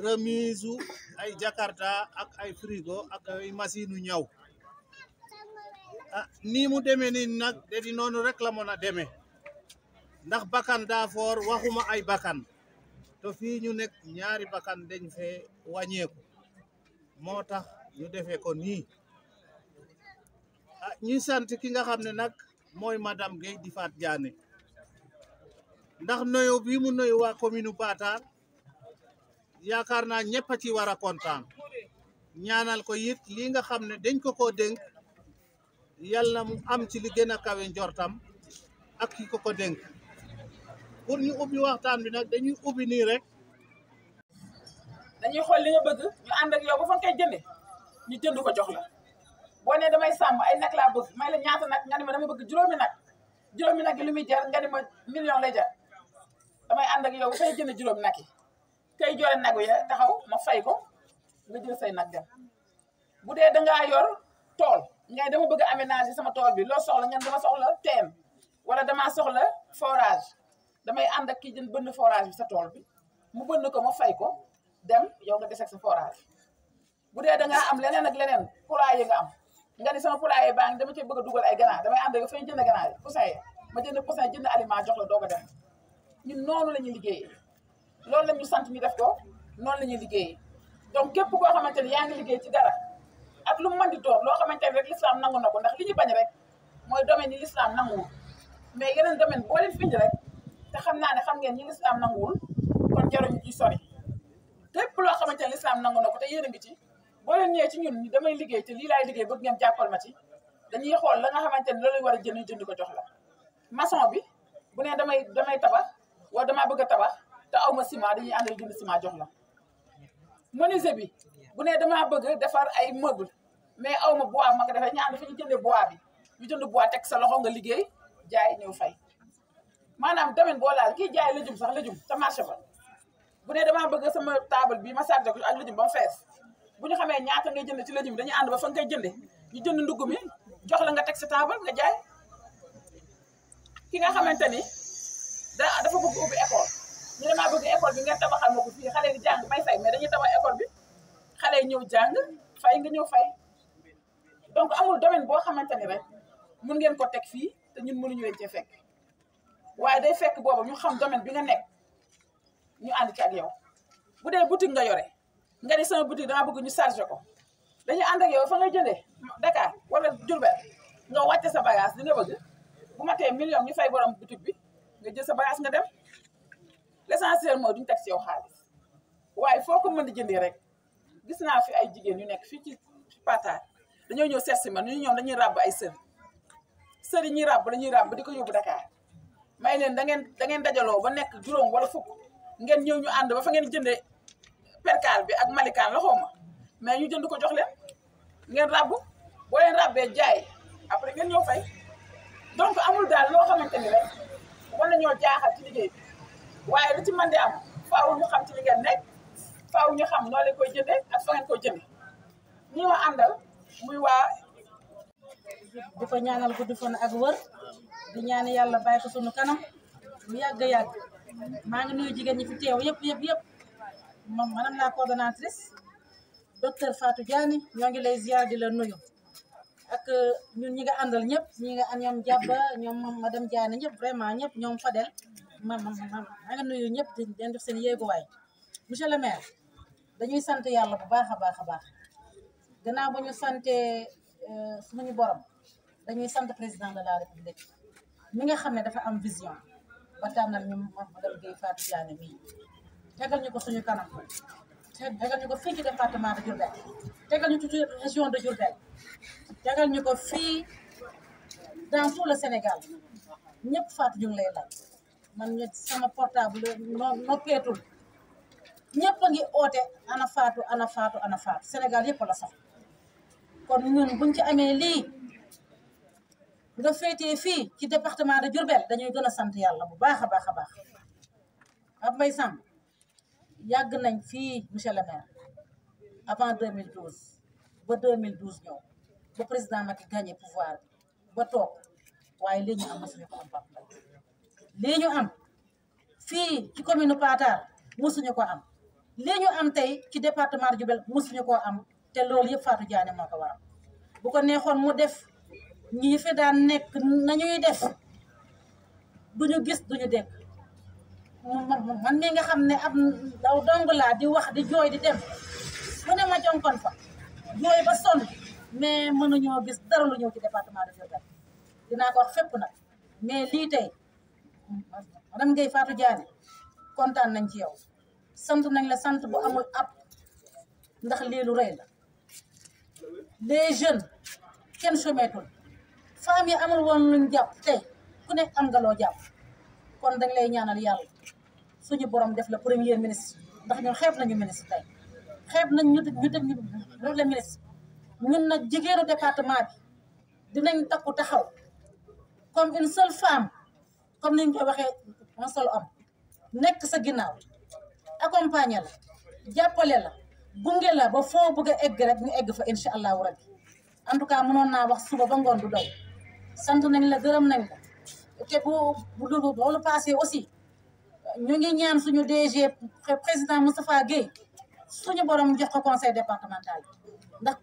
remise u ay jakarta ak ay frigo ak ay machine u ñaw ah, nii mu demee nii nag dedi noonu rek la mën a deme ndax bakkan daa foor waxuma ay bakkan to fii ñu nekk ñaari bakkan dañ fee wàññeeku moo tax ñu defee ko nii ah ñuy sant ki nga xam ne nag mooy madam Guèye difat Fatou Diané ndax noyo bii mu noyu waa commune Patar yaakaar naa ñëpp a ci war a kontaan ñaanal ko it lii nga xam ne dañ ko koo dénk yàlla na mu am ci li gën a kawe njortam ak ki ko ko dénk pour ñu ubbi waxtaan bi nag dañuy ubbi nii rek. dañuy xool li nga bëgg ñu ànd ak yow ba fa nga koy jëndee ñu jënd ko jox la boo nee damay sàmm ay nag laa bëgg may la ñaata nag nga ni ma dama bëgg juróomi nag juróomi nag yi lu muy jar nga ni ma million lay jar damay ànd ak yow ba fay jënd juróomi nag yi. tey joxe nagu ya taxaw ma fay ko nga jël say nag dem bu dee dangaa yor tool ngay dama bëgg a aménager sama tool bi loo soxla ngeen dama soxla teen wala damaa soxla forage damay ànd ak kii jën bënn forage bi sa tool bi mu na ko ma fay ko dem yow nga des ak sa forage bu dee dangaa am leneen ak leneen poulailler nga am nga ni sama poulailler baa ngi dama cee bëgg a dugal ay ganaar damay ànd ak fa ñu jënd ganaar yi poussin ma jënd poussin jënd aliment jox la doog a dem ñun noonu la ñuy liggéeyee loolu la ñu sant ñu def ko noonu la ñuy liggéeyee donc képp koo xamante ni yaa ngi liggéey ci dara ak lu mu mën di doon loo xamante ni rek l'islam nangu na ko ndax li ñu bañ rek mooy domaine yi l'islam nanguwul mais yeneen domaine boo leen find rek te xam naa ne xam ngeen ñi l'islam nanguwul kon jaruñu ci sori képp loo xamante ni l'islam nangu na ko te yéen a ngi ci boo leen ñëwee ci ñun damay liggéey te lii laay liggéey bëgg ngeen jàppal ma ci dañuy xool la nga xamante ni loolu war a jënd jënd ko jox la maçon bi bu ne damay damay tabax wala damaa bëgg tabax te aw ma ciment dañuy àndal jënd ciment jox la menuisier bi bu nee damaa bëgg defar ay meuble mais aw ma bois ma ko defee ñu ànd fi ñu jëndee bi ñu jënd bois teg sa loxo nga liggéey jaay ñëw fay maanaam domaine boo laal kii jaay lëjum sax lëjum sa marché ba bu ne damaa bëgg sama table bi ma sàgg ak lëjum ba mu fees bu ñu xamee ñaata ngay jënd ci lëjum dañuy ànd ba fa nga koy ñu jënd ndugg mi jox la nga teg sa table nga jaay ki nga xamante ni da dafa bëgg ubbi école. ñu damaa bëgg école bi nga tabaxal ma ko fii xale yi jàng may fay mais dañuy tabax école bi xale yi ñëw jàng fay nga ñëw fay donc amul domaine boo xamante ni rek mun ngeen ko teg fii te ñun mënuñu leen cee fekk waaye day fekk boobu ñu xam domaine bi nga nekk ñu ànd ci ak yow bu dee boutique nga yore nga ni sama boutique dama bëgg ñu chargé ko dañuy ànd ak yow fa nga jëndee Dakar wala Diourbel nga wàcce sa bagage li nga bëgg bu matee million ñu fay borom boutique bi nga jël sa bagage nga dem. moo du ñu teg si yow xaalis waaye foo ko mën di jëndee rek gis naa fi ay jigéen ñu nekk fii ci pataar dañoo ñëw seet si man ñu ñoom dañuy ràbb ay sër sër ñuy ràbb dañuy ràbb di ko yóbbu dakaar may leen da ngeen da ngeen dajaloo ba nekk juróom wala fukk ngeen ñëw ñu ànd ba fa ngeen jëndee perkaal bi ak malikaan la xooma mais ñu jënd ko jox leen ngeen ràbb boo leen ràbbee jaay après ngeen ñëw fay donc amul daal loo xamante ni rek war nañoo jaaxal ci liggéey waaye lu ci mën di am faaw ñu xam ci ñu xam noo leen koy jëndee ak fa ngeen koy jëndee ñi ma àndal muy waa di ko ñaanal gudd fan ak wër di ñaani yàlla bàyyi ko kanam mu yàgg yàgg maa ngi nuyu jigéen ñi fi teew yëpp yëpp yëpp moom madame la coordonnatrice docteur Fatou Diané ñoo ngi lay ziar di la nuyu ak euh, ñun ñi nga àndal ñëpp ñi nga ñoom jàbba ñoom dem jaani ñëpp vraiment ñëpp ñoom Fadel ma ma ma nga nuyu ñëpp di leen jox seen yéeguwaay monsieur le maire dañuy sant yàlla bu baax a baax a baax gannaaw ba ñu sante euh, suñu borom dañuy sant président de la république mi nga xam ne dafa am vision ba tànnal ñu madame Guèye Fatou Diagne mii tegal ñu ko suñu kanam tegal ñu ko fii ci département de Diourbel tegal ñu ci région de Diourbel tegal ñu ko fii dans tout le Sénégal ñëpp Fatou ñu ngi lay laaj man nga sama portable noppeetul ñëpp a ngi oote ana faatu ana faatu ana faatu Sénégal yëpp la sax kon ñun buñ ci amee lii nga féetee fii ci département de Diourbel dañuy gën a sant yàlla bu baax a baax a baax ab mbay sàmm yàgg nañ fi monsieur le maire avant 2012 ba 2012 ñëw ba président Macky gagné pouvoir bi ba toog waaye li ñu am na suñu compam lii am fii ci commune Patar mosuñu ko am lii ñu am tey ci département de Diourbel mosuñu koo am te loolu yëpp Fatou Diané moo ko waral bu ko neexoon mu def ñi fi daan nekk na nañuy def duñu gis duñu dégg man mii nga xam ne am ndaw dong laa di wax di jooy di def mu ne ma jonkoon fa jooy ba sonn mais mënuñoo gis dara lu ñëw ci département de Diourbel dinaa ko wax fépp nag mais lii Dame Gueye Fatou Diané kontaan nañ ci yow sant nañ la sant bu amul ab ndax lii lu rëy la les jeunes kenn chômeetul femmes yi amul woon luñ jàpp tey ku nekk am nga loo jàpp kon dañ lay ñaanal yàlla suñu borom def la premier ministre ndax ñun xeeb nañu ministre tey xeeb nañ ñu ñu def ñu le ministre ñun nag jigéenu département bi dinañ takku taxaw comme une seule femme comme ni ñu ko waxee un seul nekk sa ginnaaw accompagner la jàppale la gunge la ba foo bëgg egg rek ñu egg fa incha allahu rabbi en tout cas mënoon naa wax suba ba ngoon du doy sant nañ la gërëm nañ la te bu bu dul loolu aussi ñu ngi ñaan suñu DG président Moustapha Guèye suñu borom jox ko conseil départemental ndax